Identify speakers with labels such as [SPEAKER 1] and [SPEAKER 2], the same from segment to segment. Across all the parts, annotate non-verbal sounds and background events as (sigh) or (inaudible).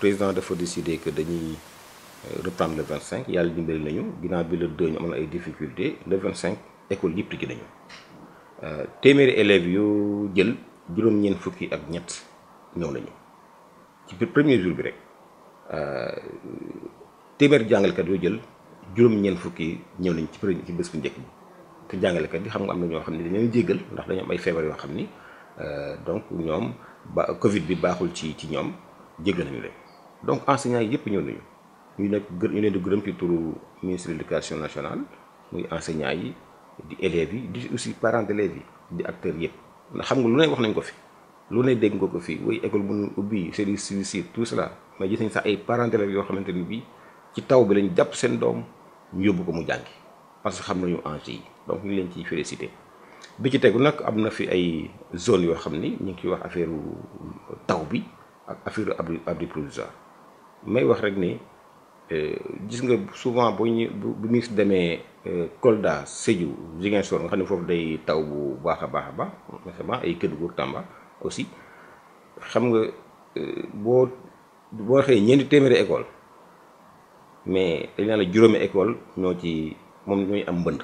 [SPEAKER 1] président dafa décider que dañuy euh, reprendre le 25 yàlla dimbali nañu ginnaaw bi le 2 ñu am na ay difficultés le cinq école yëpp tijji nañu euh, téeméeri élèves yu jël juróom-ñeent fukki ak ñett ñëw nañu ci premier jour bi rek euh, téeméeri jàngalekat yoo jël juróom-ñeent fukki ñëw nañ ci premier ci bés bu njëkk bi te jàngalekat yi xam nga am na ñoo xam ne dañoo jéggal ndax dañu am ay feebar yoo xam ni donc ñoom ba Covid bi baaxul ci ci ñoom jéggal nañu leen. donc enseignants yi yëpp ñëw nañu ñu nekk gër ñu leen di gërëm ci turu ministre de l'éducation nationale muy enseignants yi di élèves yi di aussi parents d'élèves yi di acteur yëpp ndax xam nga lu ne wax nañ ko fi lu ne dégg nga ko fi way école bu ñu ubbi service suicide tout cela mais gis nañ sax ay parents d'élèves yoo xamante ni bii ci taw bi lañ jàpp seen doom yóbbu ko mu jàngi parce que xam nañu enjeu yi donc ñu leen ci félicité bi ci tegu nag am na fi ay zone yoo xam ni ñu ngi ciy wax affaire taw bi ak affaire abri abri provisoire may wax rek ni euh, gis nga souvent bu ñu bu ñu demee euh, Kolda Sédhiou Ziguinchor nga xam ne foofu day taw bu baax a baax a baax baax ay kër Kédougou Tamba aussi xam nga euh, boo boo waxee ñeenti téeméeri école mais dañ naan la juróomi école ñoo ci moom ñooy am mbënd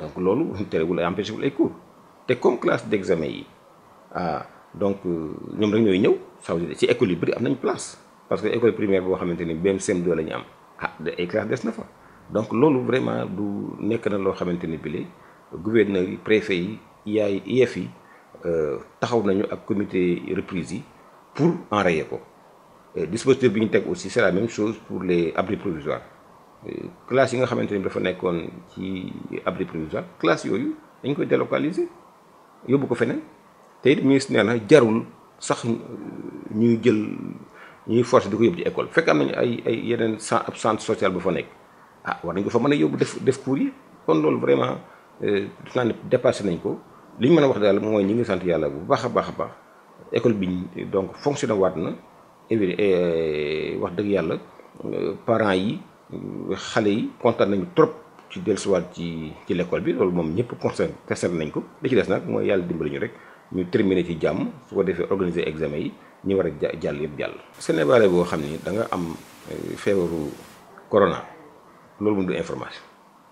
[SPEAKER 1] donc loolu (laughs) terewul ay empêché wul ay cours te comme classe d' examen yi ah donc ñoom rek ñooy ñëw saw veut dire ci école yi bëri am nañ place. parce que école primaire boo xamante ni benn CM2 la ñu am ah ay classe des na fa donc loolu vraiment du nekk na loo xamante ni bi gouverneur yi préfet yi yaay IEF yi euh, taxaw nañu ak comité reprise yi pour enrayer ko euh, dispositif bi ñu teg aussi c'est la même chose pour les abris provisoires euh, classe yi nga xamante ni dafa nekkoon ci abri provisoire classe yooyu dañ koy délocaliser yóbbu ko feneen te it ministre nee na jarul sax ñuy jël ñuy force di ko yóbbu ci école fekk am nañu ay ay yeneen cent ab centre bu fa nekk ah war nañ ko fa mën a yóbbu def def cours yi kon loolu vraiment euh, def naa ne dépassé nañ ko li ñu mën a wax daal mooy ñi ngi sant yàlla bu baax a baax a baax école bi donc fonctionné waat na évidemment euh, wax dëgg yàlla euh, parents yi xale yi kontaan nañu trop ci dellusiwaat ci ci l'école bi loolu moom ñëpp concerné concerné nañ ko li ci des nag mooy yàlla dimbali ñu rek ñu terminer ci jàmm su ko defee organiser examen yi ñi war a jàll yëpp jàll. Sénégalais boo xam ni da nga am euh, feebaru corona loolu moom du information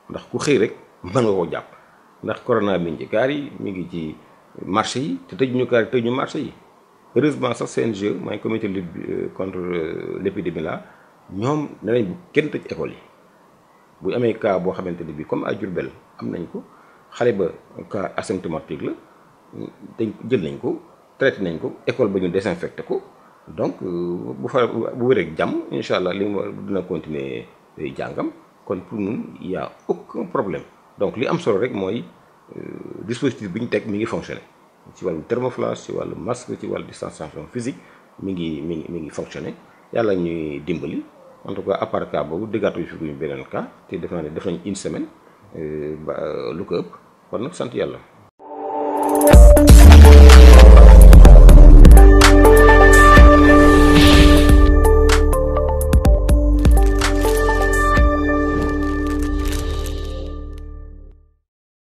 [SPEAKER 1] ndax ku xëy rek mën nga koo jàpp ndax corona mi ngi kaar yi mi ngi ci marché yi te tëj ñu kaar yi tëj ñu marché yi heureusement sax CNG mooy comité lutte euh, contre euh, l'épidémie là ñoom ne bu kenn tëj école yi bu amee cas boo xamante ni bii comme à Diourbel am nañ ko xale ba cas asymptomatique la dañ jël nañ ko. traité nañ ko école ba ñu désinfecté ko donc euh, bu fa bu wéreeg jàmm incha allah li mu dina continuer euh, jàngam kon pour ñun yaa a aucun problème donc li am solo rek mooy euh, dispositif bi ñu teg mi ngi fonctionné ci wàllu thermoflage ci wàllu masque ci wàllu distanciation physique mi ngi mi ngi mi ngi fonctionné yàlla ñuy dimbali en tout cas à part cas boobu déggaatu fi buñu beneen cas te def naa ne def nañ une semaine ba lu ko ëpp kon nag sant yàlla.